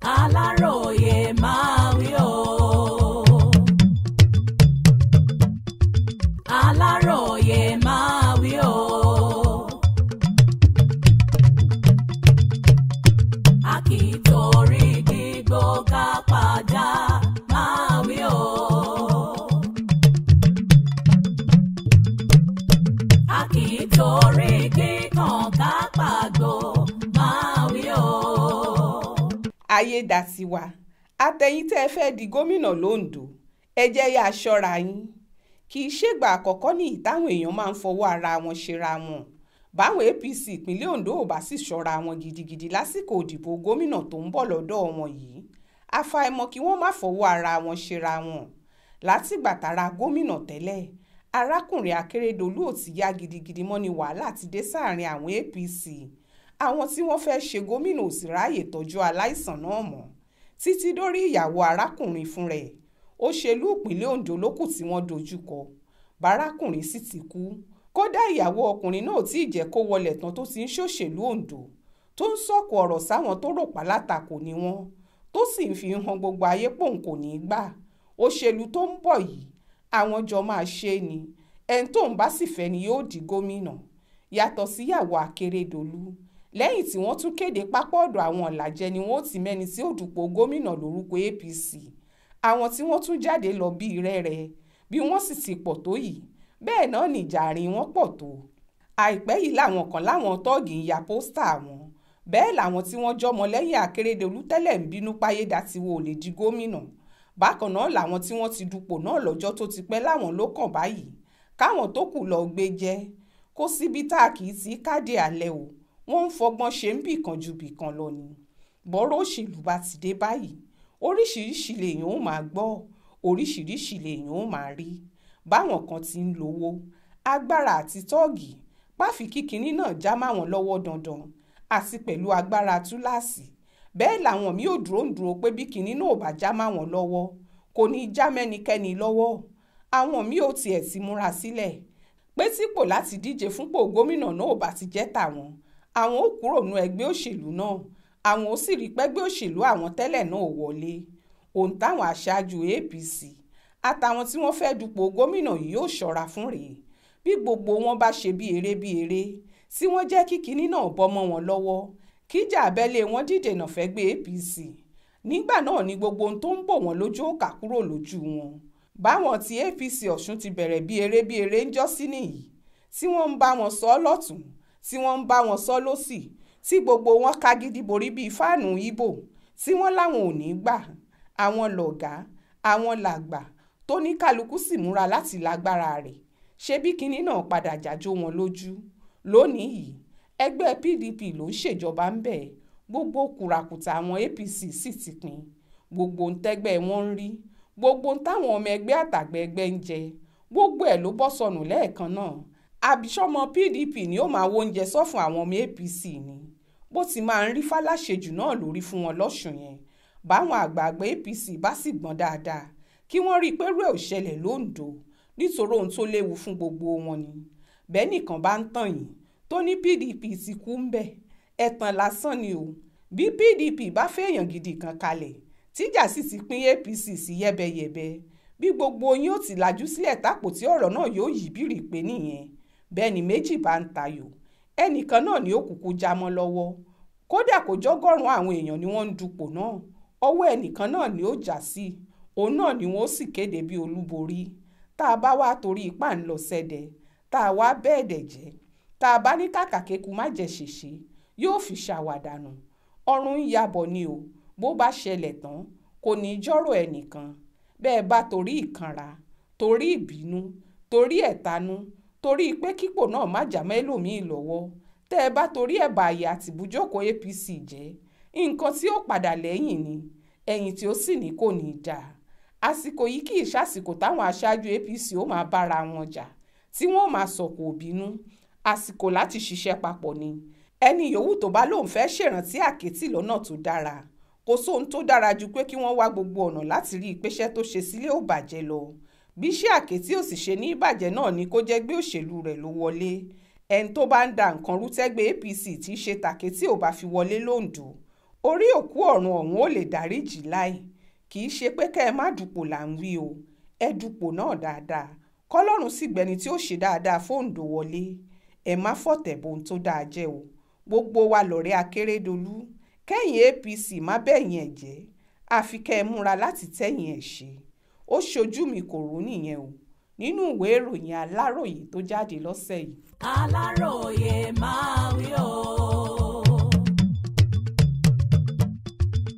aláròó àyédàtiwa àtẹ̀yìn tẹ́ ẹ fẹ́ di gómìnà londo ẹ jẹ́ yá aṣọ́ra yín kì í ṣègbà àkọ́kọ́ ní ìtàwọn èèyàn máa ń fọwọ́ ara wọn ṣera wọn báwọn apc ìpínlẹ̀ ondo ò bá sì ṣọ́ra wọn gidigidi lásìkò òdìbò gómìnà tó ń bọ̀ lọ́dọ̀ wọn yìí àfàìmọ̀ kí wọ́n má fọwọ́ ara wọn ṣera wọn látìgbà tára gómìnà tẹ́lẹ̀ arákùnrin akérèdọ́lù ò ti yá gidigidi mọ́ ni wàhálà ti dé sáàrin àwọn apc àwọn tí wọ́n fẹ́ ṣe gómìnà ò sì ráàyè tọ́jú aláìsàn náà mọ́ títí dórí ìyàwó arákùnrin fún rẹ̀ òṣèlú ìpínlẹ̀ Ondo ló kù tí wọ́n dojúkọ bárákùnrin sì ti kú kódà ìyàwó ọkùnrin náà ò tí ì jẹ́ kó wọlẹ̀ tán tó ti ń ṣòṣèlú Ondo tó ń sọ̀kò ọ̀rọ̀ sáwọn tó rò pálátakò ni wọ́n tó sì ń fi hàn gbogbo ayé pòun kò ní í gbà òṣèlú tó ń bọ̀ yìí àwọn jọ máa ṣe é ni ẹni tóun bá sì fẹ́ ni yóò di gómìnà yàtọ̀ síyàwó Akérédolú lẹ́yìn tí wọ́n tún kéde pápá ọ̀dọ̀ àwọn ọ̀làjẹ ni wọ́n ti mẹ́ni tí ó dùpò gómìnà lórúkọ APC àwọn tí wọ́n tún jáde lọ bí rẹ́rẹ́ bí wọ́n sì ti pọ̀ tó yìí bẹ́ẹ̀ náà nìjà àárín wọn pọ̀ tó àìpẹ́ yìí làwọn kan láwọn tọ́ọ̀gì ń ya pósítà wọn bẹ́ẹ̀ làwọn tí wọ́n jọmọ lẹ́yìn Akérédolú tẹ́lẹ̀ ń bínú Páyédatiwa ò lè di gómìnà bákan náà làwọn tí wọ́n ti dupò náà lọ́jọ́ tó ti pẹ́ láwọn ló kàn báyìí káwọn tó kù lọ gbé jẹ́ kó síbi tá a kì í ti káde alẹ́ o wọ́n ń fọgbọ́n ṣe ń bìkan ju bìkan lọ ni bọ́rọ̀ òṣèlú bá ti dé báyìí oríṣiríṣi lèèyàn ó máa gbọ́ oríṣiríṣi lèèyàn ó máa rí báwọn kan ti ń lówó agbára àti tọ́ọ̀gì páfi kíkiní náà já máwọn lọ́wọ́ dandan àti pẹ̀lú agbára túláàsì bẹ́ẹ̀ làwọn mi ò dúró ń dúró pé bí kinní náà ò bá já máwọn lọ́wọ́ kò ní í já mẹ́nikẹ́ni lọ́wọ́ àwọn mi ò tiẹ̀ ti múra sílẹ̀ pé sípò láti díje fúnpò gómìnà náà ò bá ti jẹ́ tàwọn àwọn ò kúrò nú ẹgbẹ́ òṣèlú náà àwọn ò sì rí pẹ́gbẹ́ òṣèlú àwọn tẹ́lẹ̀ náà wọlé ohun táwọn aṣáájú APC àtàwọn tí wọ́n fẹ́ dupò gómìnà yìí yóò ṣọ́ra fún rèé bí gbogbo wọn bá ṣe bí eré bí eré tí wọ́n jẹ́ kí kinní náà bọ́mọ wọn lọ́wọ́ kíjà abẹ́lé wọn dìdènà fẹ́gbẹ́ APC nígbà náà ni gbogbo ohun tó ń bọ̀ wọ́n lójú ó kà kúrò lójú wọn báwọn ti APC Ọ̀ṣun ti bẹ̀rẹ̀ bí eré bí eré ń jọ́sí nìyí tí wọ́n ń bá wọn sọ ọ́ lọ́tún tí wọ́n ń bá wọn sọ lọ́sì tí gbogbo wọn kagidi borí bíi fáànù ibo tí wọ́n láwọn ò ní gbà àwọn lọ̀gá àwọn làgbà tó ní kálukú sì múra láti lágbára rẹ̀ ṣebí kinní náà padà jàjó wọn lójú lónìí yìí ẹgbẹ́ PDP ló ń ṣèjọba ń bẹ̀ gbogbo kùràkùtà àwọn APC sì ti pín gbogbo ntẹ́gbẹ́ wọn ń rí gbogbo táwọn ọmọ ẹgbẹ́ àtàgbẹ́ ẹgbẹ́ ń jẹ gbogbo ẹ̀ ló bọ́ sọnù lẹ́ẹ̀kan náà àbísọ́mọ pdp ni ó máa wo oúnjẹ sọ́fún àwọn ọmọ apc ni bó ti máa ń rí fàlàṣejù náà lórí fún wọn lọ́sùn yẹn báwọn àgbààgbà apc bá sì gbọ́n dáadáa kí wọ́n rí i pé rú ò ṣẹlẹ̀ londo nítorí ohun tó léwu fún gbogbo wọn ni bẹ́ẹ̀ nìkan bá ń tàn yín tó ní pdp ti kú ń bẹ̀ ẹ̀tàn lásán ni o bí pdp bá fẹ́ẹ̀yàn gidi kan kalẹ̀ tíjà sì ti pín apc sí yẹ́bẹyẹ̀bẹ bí gbogbo yín ó ti làjú sílẹ̀ tápò tí ọ̀rọ̀ náà yóò yí bírí pé nìyẹn bẹ́ẹ̀ni méjì bá ń tayò ẹnìkan náà ni ó kúkú já mọ́ lọ́wọ́ kódà kò jọ́gọ́rùn-ún àwọn èèyàn ni wọ́n ń dupò náà ọwọ́ ẹnìkan náà ni ó já sí òun náà ni wọ́n sì kéde bí olúborí tá a bá wá torí ipá ń lọ sẹ́dẹ̀ tá a wá bẹ́ẹ̀dẹ̀ jẹ́ tá a bá ní kàkàkéku má jẹ́ ṣèṣe yóò fi ṣàwàdànù ọrùn ń yabọ̀ ni o bó bá ṣẹlẹ̀ tán kò ní jọ́rọ̀ ẹnìkan bẹ́ẹ̀ bá torí ìkanra torí ìbínú torí ẹ̀tanú torí pé kípò náà má jà mẹ́lòmíì lọ́wọ́ tẹ́ ẹ bá torí ẹ̀ bàyè àtìbújókòó APC jẹ́ nǹkan tí ó padà lẹ́yìn ni ẹ̀yìn tí ó sì ní kò ní í dáa àsìkò yìí kì í ṣàsìkò táwọn aṣáájú APC ó máa bára wọn jà tí wọ́n máa sọ̀kò òbínú àsìkò láti ṣiṣẹ́ papọ̀ ni ẹni yòówù tó bá lóun fẹ́ ṣèrántí àkẹ́tì lọ́nà tó dára kò sóhun tó dára ju pé kí wọ́n wá gbogbo ọ̀nà láti rí ìpèsè tó ṣe sílé ò bàjẹ́ lọ bí iṣẹ́ àkẹ́tì ò sì ṣe ní ìbàjẹ́ náà ni kó jẹ́ gbé òṣèlú rẹ̀ ló wọlé ẹni tó bá ń da nǹkan rútẹ́gbẹ́ APC tí í ṣe tàkẹ́tì ò bá fi wọlé lóǹdó orí òkú ọ̀run ọ̀hún ò lè dáríjì láì kì í ṣe pé kẹ́ ẹ má dupò là ń wí o ẹ dupò náà dáadáa kọ́lọ́run sì gbẹni tí ó ṣe dáadáa fóǹdó wọlé ẹ má fọ̀tẹ̀ bohun tó dáa jẹ́ o gbogbo wa lọ̀rẹ́ Akérédolú kẹ́yìn APC má bẹ́yìn ẹ̀ jẹ́ àfi kẹ́ ẹ múra láti tẹ́yìn ẹ̀ ṣe ó ṣojú mi kò rò nìyẹn o nínú ìwé ìròyìn aláròye tó jáde lọ́sẹ̀ yìí. aláròye máa wí o.